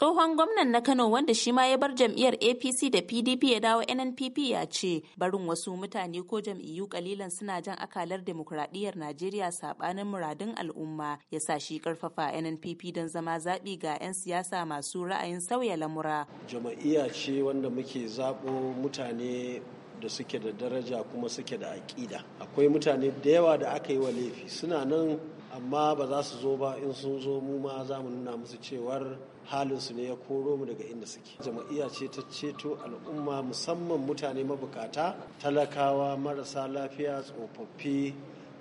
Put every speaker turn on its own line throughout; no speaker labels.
Tsohon gwamnan na Kano wanda shi ma ya bar jam'iyyar APC da PDP ya dawo NNPP ya ce barin wasu mutane ko jam'iyyu kalilan suna jan akalar demokuraɗiyyar Najeriya sabanin muradun al'umma ya sa shi karfafa NNPP don zama zaɓi ga 'yan siyasa masu ra'ayin sauya lamura.
Jama'iyya ce wanda muke zaɓo mutane da suke da daraja kuma suke da aƙida. Akwai mutane da yawa da aka yi wa laifi suna nan amma ba za su zo ba in sun zo mu ma za mu nuna musu cewar halinsu ne ya koro mu daga inda suke jama'iya ce ta ceto al'umma musamman mutane mabukata talakawa marasa lafiya tsofaffi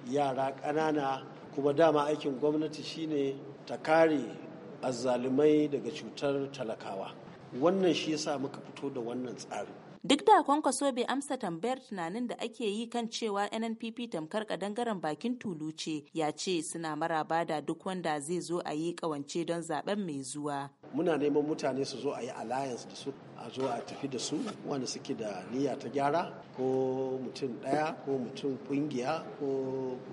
yara ƙanana kuma dama aikin gwamnati shine ta kare azzalumai daga cutar talakawa wannan shi yasa muka fito da wannan tsari
Duk da kwankwaso bai amsa tambayar tunanin da ake yi kan cewa NNPP tamkar kadangaren bakin tulu ce, ya ce suna maraba da duk wanda zai zo a yi kawance don zaben mai zuwa. Muna
neman mutane su zo a yi alliance da su, a zo a tafi da su wanda suke da niyya ta gyara ko mutum daya ko mutum kungiya ko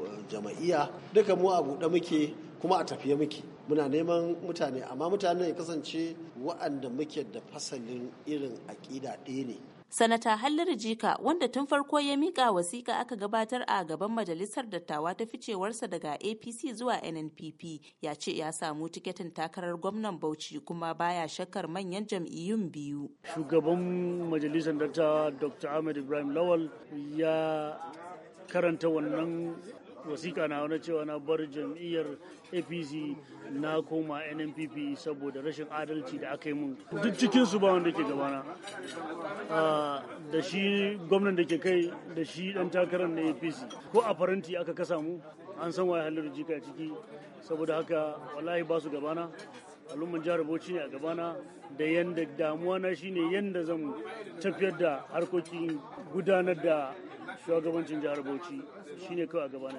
eh, jama'iya duka mu a buɗe muke kuma a tafiya muke. muna neman mutane amma mutane ya kasance wa'anda muke da fasalin irin aƙida ɗaya ne
Sanata Halliru Jika wanda tun farko ya mika wasiƙa aka gabatar a gaban majalisar dattawa ta ficewarsa daga APC zuwa NNPP ya ce ya samu tiketin takarar gwamnan Bauchi kuma baya shakkar manyan jam'iyyun biyu.
Shugaban majalisar dattawa Dr. Ahmed Ibrahim Lawal ya karanta wannan wasiƙa na wani cewa na bar jam'iyyar apc na koma nnpp saboda rashin adalci da aka yi mun duk cikinsu ba wanda ke gabana ah, da shi gwamnan da ke kai da shi dan takarar na apc ko a faranti aka kasa mu an san waye halin jika ciki saboda haka wallahi ba su gabana al'umman jihar bauchi ne a gabana da yanda damuwa na shine yanda zan tafiyar da harkokin gudanar da shugabancin jihar Bauchi shine kawai a gaba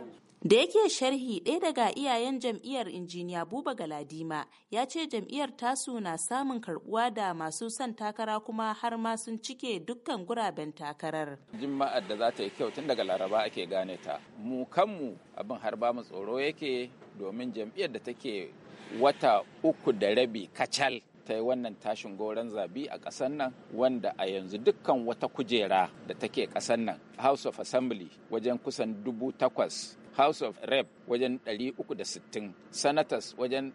Da yake sharhi ɗaya daga iyayen jam'iyyar injiniya Buba Galadima ya ce jam'iyyar tasu na samun karbuwa da masu son takara kuma har ma sun cike dukkan guraben takarar.
Jima'ar da za ta yi kyau tun daga Laraba ake gane ta. Mu kanmu abin har ba mu tsoro yake domin jam'iyyar da take wata uku da rabi kacal ta yi wannan tashin goron zabi a ƙasar nan wanda a yanzu dukkan wata kujera da take ƙasar nan House of Assembly wajen kusan dubu takwas House of Rep wajen 360 Senators wajen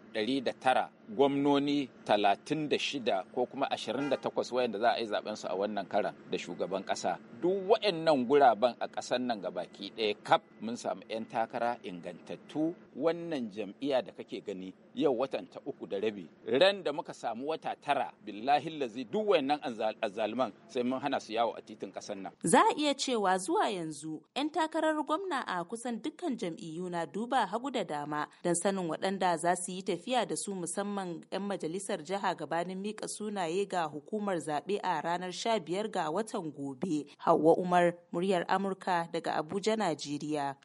tara. gwamnoni 36 ko kuma 28 wayanda za a yi zaben su a wannan karan da shugaban kasa duk wayannan guraben a kasan nan gabaki ɗaya kaf mun samu 'yan takara ingantattu wannan jam'iyya da kake gani yau watan ta uku da rabi ran da muka samu wata tara billahi lazi duk wayannan azzaluman sai mun hana su yawo a titin kasan nan
za a iya cewa zuwa yanzu 'yan takarar gwamna a kusan dukkan jam'iyyu na duba hagu da dama don sanin waɗanda za su yi tafiya da su musamman musamman 'yan majalisar jiha gabanin mika sunaye ga hukumar zaɓe a ranar 15 ga watan gobe. Hauwa Umar, muryar Amurka daga Abuja, Najeriya.